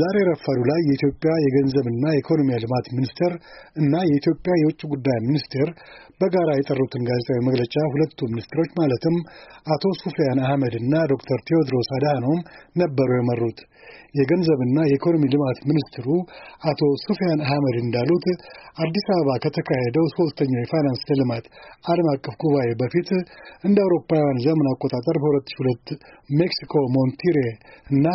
ዛሬ ረፋዱ ላይ የኢትዮጵያ የገንዘብና የኢኮኖሚ ልማት ሚኒስቴር እና የኢትዮጵያ የውጭ ጉዳይ ሚኒስቴር በጋራ የጠሩትን ጋዜጣዊ መግለጫ ሁለቱ ሚኒስትሮች ማለትም አቶ ሱፊያን አህመድ እና ዶክተር ቴዎድሮስ አድሃኖም ነበሩ የመሩት። የገንዘብና የኢኮኖሚ ልማት ሚኒስትሩ አቶ ሱፊያን አህመድ እንዳሉት አዲስ አበባ ከተካሄደው ሶስተኛው የፋይናንስ ልማት ዓለም አቀፍ ጉባኤ በፊት እንደ አውሮፓውያን ዘመን አቆጣጠር በ2002 ሜክሲኮ ሞንቲሬ እና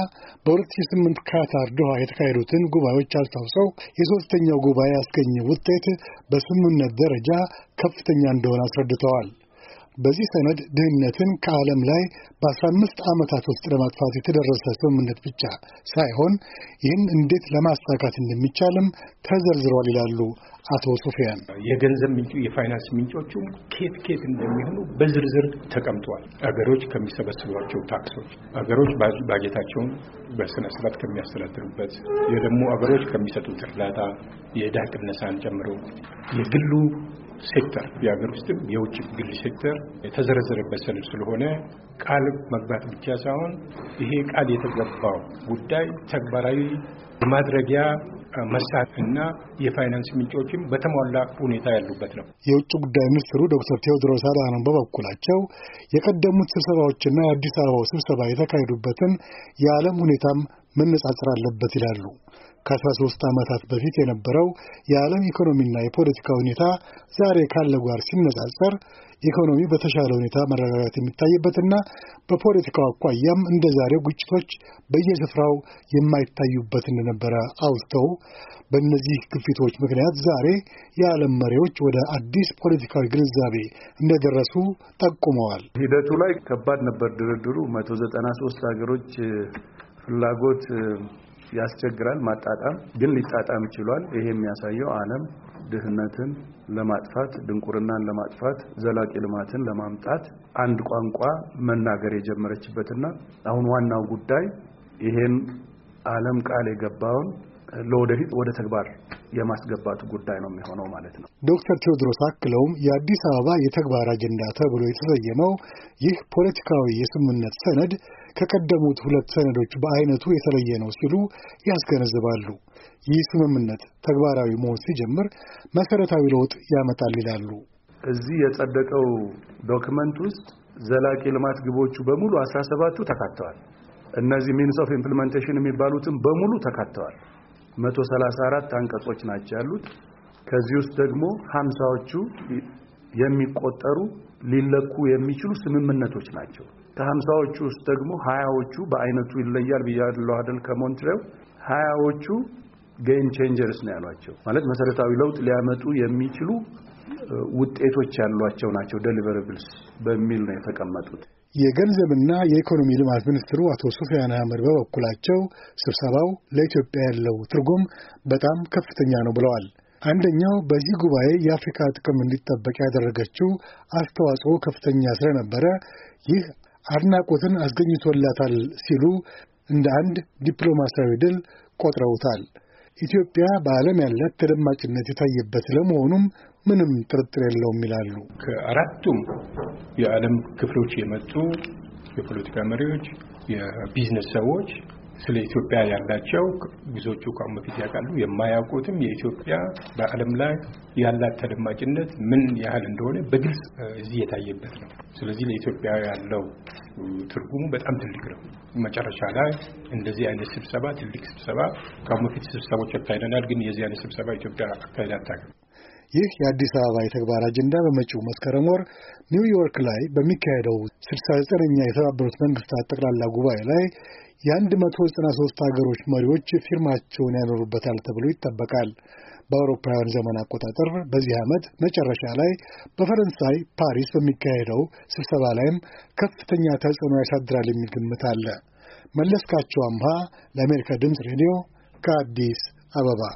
በ2008 ካታር በኳታር ዶሃ የተካሄዱትን ጉባኤዎች አስታውሰው የሶስተኛው ጉባኤ ያስገኘ ውጤት በስምምነት ደረጃ ከፍተኛ እንደሆነ አስረድተዋል። በዚህ ሰነድ ድህነትን ከዓለም ላይ በ15 ዓመታት ውስጥ ለማጥፋት የተደረሰ ስምምነት ብቻ ሳይሆን ይህን እንዴት ለማሳካት እንደሚቻልም ተዘርዝሯል ይላሉ አቶ ሱፊያን። የገንዘብ ምንጩ የፋይናንስ ምንጮቹም ኬት ኬት እንደሚሆኑ በዝርዝር ተቀምጧል። አገሮች ከሚሰበስቧቸው ታክሶች፣ አገሮች ባጀታቸውን በስነ ስርዓት ከሚያስተዳድሩበት፣ ደግሞ አገሮች ከሚሰጡት እርዳታ የዕዳ ቅነሳን ጨምሮ የግሉ ሴክተር የሀገር ውስጥም የውጭ ግል ሴክተር የተዘረዘረበት ሰነድ ስለሆነ ቃል መግባት ብቻ ሳይሆን ይሄ ቃል የተገባው ጉዳይ ተግባራዊ ማድረጊያ መሳት እና የፋይናንስ ምንጮችም በተሟላ ሁኔታ ያሉበት ነው። የውጭ ጉዳይ ሚኒስትሩ ዶክተር ቴዎድሮስ አድሃኖም በበኩላቸው የቀደሙት ስብሰባዎችና የአዲስ አበባው ስብሰባ የተካሄዱበትን የዓለም ሁኔታም መነጻጸር አለበት ይላሉ። ከ ከ13 ዓመታት በፊት የነበረው የዓለም ኢኮኖሚና የፖለቲካ ሁኔታ ዛሬ ካለው ጋር ሲነጻጸር ኢኮኖሚ በተሻለ ሁኔታ መረጋጋት የሚታይበትና በፖለቲካው አኳያም እንደ ዛሬው ግጭቶች በየስፍራው የማይታዩበት እንደነበረ አውስተው በእነዚህ ግፊቶች ምክንያት ዛሬ የዓለም መሪዎች ወደ አዲስ ፖለቲካዊ ግንዛቤ እንደደረሱ ጠቁመዋል። ሂደቱ ላይ ከባድ ነበር ድርድሩ። መቶ ዘጠና ሶስት ሀገሮች ፍላጎት ያስቸግራል ማጣጣም፣ ግን ሊጣጣም ይችሏል። ይሄ የሚያሳየው ዓለም ድህነትን ለማጥፋት፣ ድንቁርናን ለማጥፋት፣ ዘላቂ ልማትን ለማምጣት አንድ ቋንቋ መናገር የጀመረችበትና አሁን ዋናው ጉዳይ ይሄን ዓለም ቃል የገባውን ለወደፊት ወደ ተግባር የማስገባቱ ጉዳይ ነው የሚሆነው ማለት ነው። ዶክተር ቴዎድሮስ አክለውም የአዲስ አበባ የተግባር አጀንዳ ተብሎ የተሰየመው ይህ ፖለቲካዊ የስምምነት ሰነድ ከቀደሙት ሁለት ሰነዶች በአይነቱ የተለየ ነው ሲሉ ያስገነዝባሉ። ይህ ስምምነት ተግባራዊ መሆን ሲጀምር መሰረታዊ ለውጥ ያመጣል ይላሉ። እዚህ የጸደቀው ዶክመንት ውስጥ ዘላቂ ልማት ግቦቹ በሙሉ አስራ ሰባቱ ተካተዋል። እነዚህ ሚንስ ኦፍ ኢምፕሊመንቴሽን የሚባሉትም በሙሉ ተካተዋል። 134 አንቀጾች ናቸው ያሉት። ከዚህ ውስጥ ደግሞ ሀምሳዎቹ የሚቆጠሩ ሊለኩ የሚችሉ ስምምነቶች ናቸው። ከሀምሳዎቹ ውስጥ ደግሞ ሀያዎቹ በአይነቱ ይለያል ብያለሁ አይደል? ከሞንትሬው ሀያዎቹ ጌም ቼንጀርስ ነው ያሏቸው። ማለት መሰረታዊ ለውጥ ሊያመጡ የሚችሉ ውጤቶች ያሏቸው ናቸው ዴሊቨራብልስ በሚል ነው የተቀመጡት። የገንዘብና የኢኮኖሚ ልማት ሚኒስትሩ አቶ ሱፊያን አህመድ በበኩላቸው ስብሰባው ለኢትዮጵያ ያለው ትርጉም በጣም ከፍተኛ ነው ብለዋል። አንደኛው በዚህ ጉባኤ የአፍሪካ ጥቅም እንዲጠበቅ ያደረገችው አስተዋጽኦ ከፍተኛ ስለነበረ ይህ አድናቆትን አስገኝቶላታል ሲሉ እንደ አንድ ዲፕሎማሲያዊ ድል ቆጥረውታል። ኢትዮጵያ በዓለም ያላት ተደማጭነት የታየበት ለመሆኑም ምንም ጥርጥር የለውም ይላሉ። ከአራቱም የዓለም ክፍሎች የመጡ የፖለቲካ መሪዎች፣ የቢዝነስ ሰዎች ስለ ኢትዮጵያ ያላቸው ብዙዎቹ ከአሁን በፊት ያውቃሉ። የማያውቁትም የኢትዮጵያ በዓለም ላይ ያላት ተደማጭነት ምን ያህል እንደሆነ በግልጽ እዚህ የታየበት ነው። ስለዚህ ለኢትዮጵያ ያለው ትርጉሙ በጣም ትልቅ ነው። መጨረሻ ላይ እንደዚህ አይነት ስብሰባ ትልቅ ስብሰባ ከአሁን በፊት ስብሰባዎች አካሂደናል፣ ግን የዚህ አይነት ስብሰባ ኢትዮጵያ አካሂዳ አታውቅም። ይህ የአዲስ አበባ የተግባር አጀንዳ በመጪው መስከረም ወር ኒውዮርክ ላይ በሚካሄደው ስልሳ ዘጠነኛ የተባበሩት መንግስታት ጠቅላላ ጉባኤ ላይ የ193 ሀገሮች መሪዎች ፊርማቸውን ያኖሩበታል ተብሎ ይጠበቃል። በአውሮፓውያን ዘመን አቆጣጠር በዚህ ዓመት መጨረሻ ላይ በፈረንሳይ ፓሪስ በሚካሄደው ስብሰባ ላይም ከፍተኛ ተጽዕኖ ያሳድራል የሚል ግምት አለ። መለስካቸው አምሃ ለአሜሪካ ድምፅ ሬዲዮ ከአዲስ አበባ